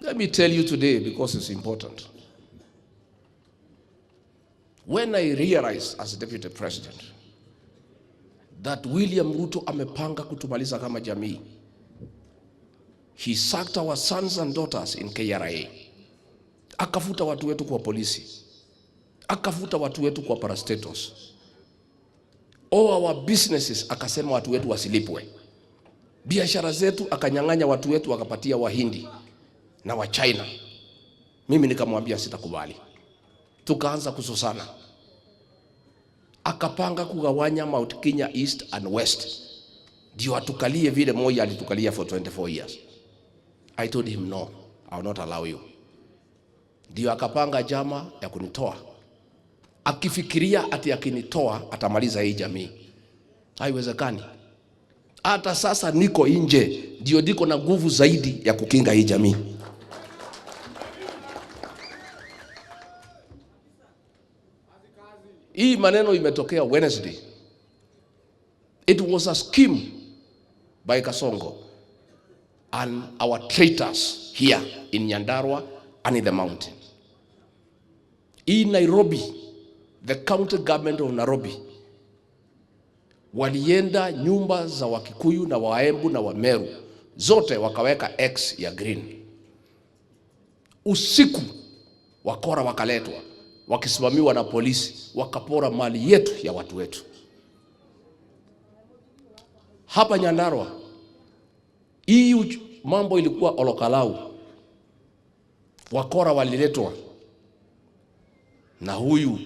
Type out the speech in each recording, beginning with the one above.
Let me tell you today because it's important. When I realized as deputy president that William Ruto amepanga kutumaliza kama jamii, he sacked our sons and daughters in KRA, akafuta watu wetu kwa polisi, akafuta watu wetu kwa parastatos, all our businesses, akasema watu wetu wasilipwe biashara zetu, akanyang'anya watu wetu, akapatia Wahindi na wa China. Mimi nikamwambia sitakubali, tukaanza kususana. Akapanga kugawanya Mount Kenya East and West, ndio atukalie vile moja alitukalia for 24 years. I told him no, I will not allow you. Ndio akapanga jama ya kunitoa, akifikiria ati akinitoa atamaliza hii jamii. Haiwezekani. Hata sasa niko nje, ndio niko na nguvu zaidi ya kukinga hii jamii. Hii maneno imetokea Wednesday. It was a scheme by Kasongo and our traitors here in Nyandarua and in the mountain. In Nairobi, the county government of Nairobi walienda nyumba za Wakikuyu na Waembu na Wameru zote wakaweka X ya green. Usiku wakora wakaletwa wakisimamiwa na polisi, wakapora mali yetu ya watu wetu. Hapa Nyandarua hii mambo ilikuwa olokalau, wakora waliletwa na huyu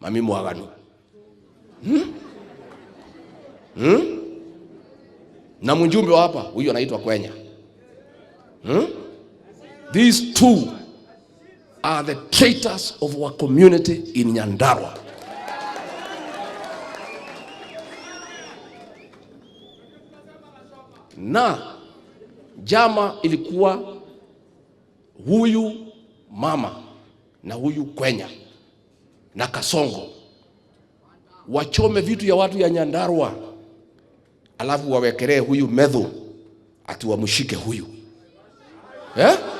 Mami Mwaganu hmm? Hmm? na mjumbe wa hapa huyu anaitwa Kwenya hmm? these two are the traitors of our community in Nyandarua. Na jama ilikuwa huyu mama na huyu Kwenya na Kasongo wachome vitu ya watu ya Nyandarua, alafu wawekelee huyu medhu ati wamshike huyu eh?